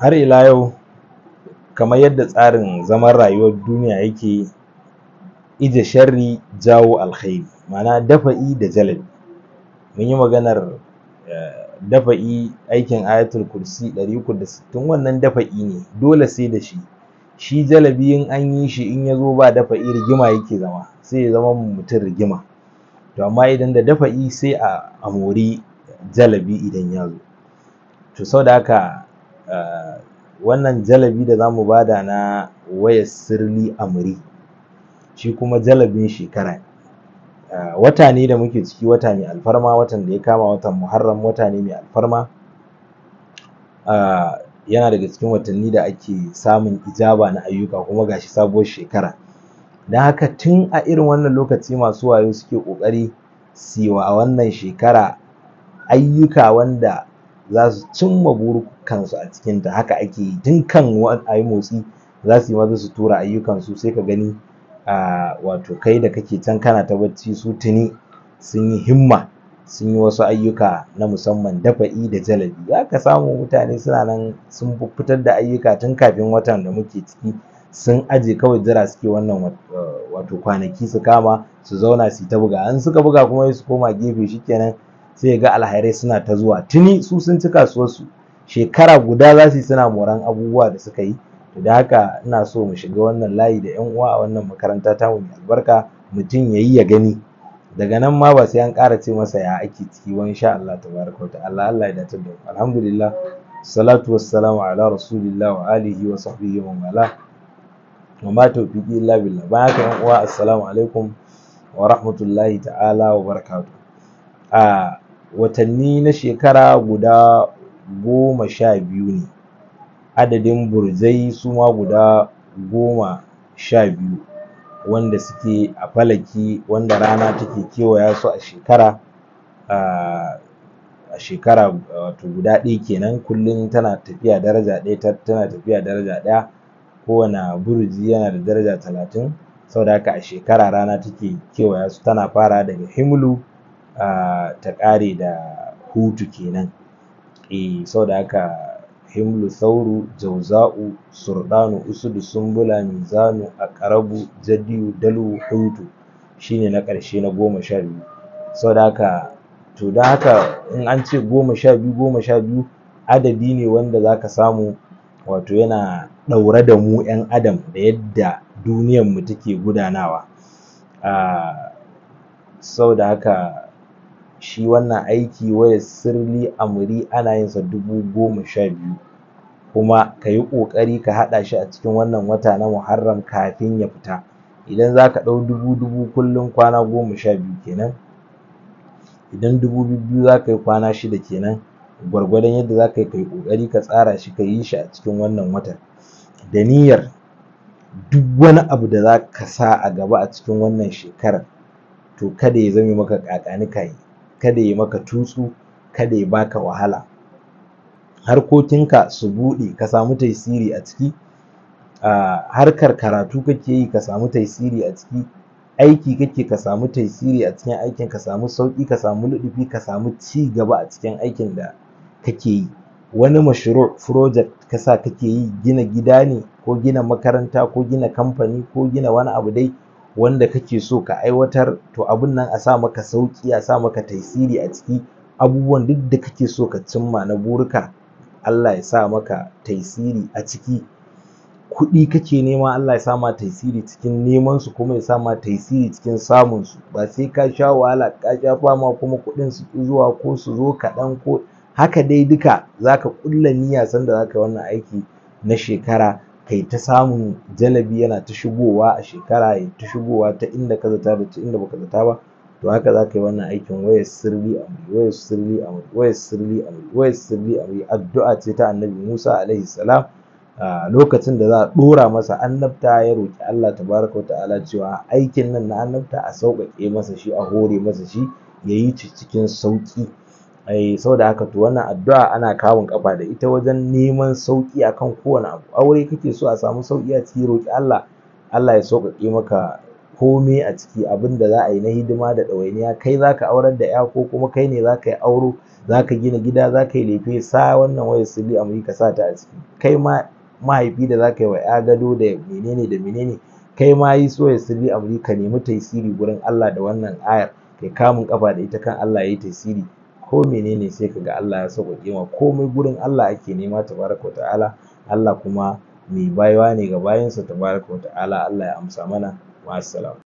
har ila yau kamar yadda tsarin zaman rayuwar duniya yake ije sharri jawo alkhairi ma'ana dafa'i da jalabi mun yi maganar eh, dafa'i aikin ayatul kursi ɗari uku da sittin wannan dafa'i ne dole sai da shi shi jalabi in an yi shi in ya zo ba dafa'i rigima yake zama sai ya zama mutum rigima to amma idan da dafa'i sai a mori jalabi idan ya zo to saboda haka Eh, wannan jalabi da za mu bada na wayar sirli muri shi kuma jalabin shekara ne eh, wata ne da muke ciki wata mai alfarma watan da ya kama watan muharram wata ne mai alfarma eh, yana daga cikin watanni da ake samun ijaba na ayyuka kuma gashi sabuwar shekara don haka tun a irin wannan lokaci masu wayo suke ƙoƙari su yi wa wannan shekara ayyuka wanda za su cimma burukansu a cikin ta haka ake yi tun kan ayi motsi za su yi maza su tura ayyukansu sai ka gani a wato kai da kake can kana ta bacci su tuni sun yi himma sun yi wasu ayyuka na musamman dafa'i da jalabi za ka samu mutane suna nan sun fitar da ayyuka tun kafin watan da muke ciki sun aje kawai jira suke wannan wato kwanaki su kama su zauna su yi ta buga in suka buga kuma su koma gefe shikenan sai ga alhairai suna ta zuwa tuni su sun ci kasuwarsu shekara guda za su yi suna moran abubuwa da suka yi to da haka ina so mu shiga wannan layi da yan uwa a wannan makaranta ta mu albarka mutum ya yi ya gani daga nan ma ba sai an ƙara ce masa ya ake ciki wa insha Allah tabaraka wa ta'ala Allah ya dace da alhamdulillah salatu wassalamu ala rasulillah wa alihi wa sahbihi wa mala wa ma tawfiqi illa billah bayan haka yan uwa assalamu alaikum wa rahmatullahi ta'ala wa barakatuh a ah, watanni na shekara guda goma sha biyu ne adadin burzai suma guda goma sha biyu wanda suke a falaki wanda rana take kewaya su a shekara a shekara wato guda ɗaya kenan kullum tana tafiya daraja ɗaya tana tafiya daraja ɗaya kowane burji yana da daraja talatin sau da haka a shekara rana take kewaya su tana fara daga himlu ta ƙare da hutu kenan eh saboda haka himlu sauru jauza'u surdanu usudu sumbula mizanu aqrabu jadiyu dalu hutu shine na karshe na goma sha biyu saboda haka to don haka in an ce goma sha biyu goma sha biyu adadi ne wanda zaka samu wato yana ɗaure da mu 'yan adam da yadda duniyar mu take gudanawa a saboda haka shi wannan aiki waya sirli amri ana yin sa dubu goma sha biyu kuma ka yi ƙoƙari ka haɗa shi a cikin wannan wata na muharram kafin ya fita idan za ka ɗau dubu dubu kullum kwana goma sha biyu kenan idan dubu bibbiyu za yi kwana shida kenan gwargwadon yadda zaka ka yi kayi ƙoƙari ka tsara shi ka yi shi a cikin wannan watan da niyyar duk wani abu da zaka sa a gaba a cikin wannan shekarar to kada ya zame maka ƙaƙani kayi kada ya maka tutsu kada ya baka wahala harkokinka su buɗe ka samu taisiri a ciki harkar karatu kake yi ka samu taisiri a ciki aiki kake ka samu taisiri a cikin aikin ka samu sauƙi ka samu luɗufi ka samu ci gaba a cikin aikin da kake yi wani mashru' project ka sa kake yi gina gida ne ko gina makaranta ko gina kamfani ko gina wani abu dai wanda kake so ka aiwatar to abun nan a sa maka sauƙi a sa maka taisiri a ciki abubuwan duk da kake so ka cimma na burika Allah ya sa maka taisiri a ciki kuɗi kake nema Allah ya sa ma taisiri cikin neman su kuma ya sa ma taisiri cikin samun su ba sai ka sha wahala ka sha fama kuma kuɗin su zuwa ko su zo kaɗan ko haka dai duka zaka ƙulla niyya sanda zaka yi wannan aiki na shekara kai ta samun jalabi yana ta shigowa a shekara ya ta shigowa ta inda ka zata da ta inda baka zata ba to haka za ka yi wannan aikin wayar sirri a wayar sirri a mai wayar sirri a mai wayar sirri a mai addu'a ce ta annabi musa alaihi salam a lokacin da za a ɗora masa annabta ya roƙi allah tabaraka ta'ala cewa aikin nan na annabta a sauƙaƙe masa shi a hore masa shi ya yi cikin sauƙi ai saboda haka to wannan addu'a ana kawun kafa da ita wajen neman sauki akan kowane abu aure kake so a samu sauki a cikin roki Allah Allah ya sauƙaƙe maka komai a ciki abin da za a yi na hidima da ɗawainiya kai zaka aurar da ya ko kuma kai ne za ka yi auro za gina gida za yi lefe sa wannan wayar sirri amurka sa ta a ciki kai ma mahaifi da za yi wa ya gado da menene da menene kai ma yi so ya sirri amurka nemi tasiri gurin allah da wannan ayar kai kamun kafa da ita kan allah ya yi tasiri ko mene ne sai kaga Allah ya sauko kima komai gurin Allah ake nema tabaraka ta'ala Allah kuma mai bayawa ne ga bayansa tabaraka ta'ala Allah ya amsa mana ma'assalam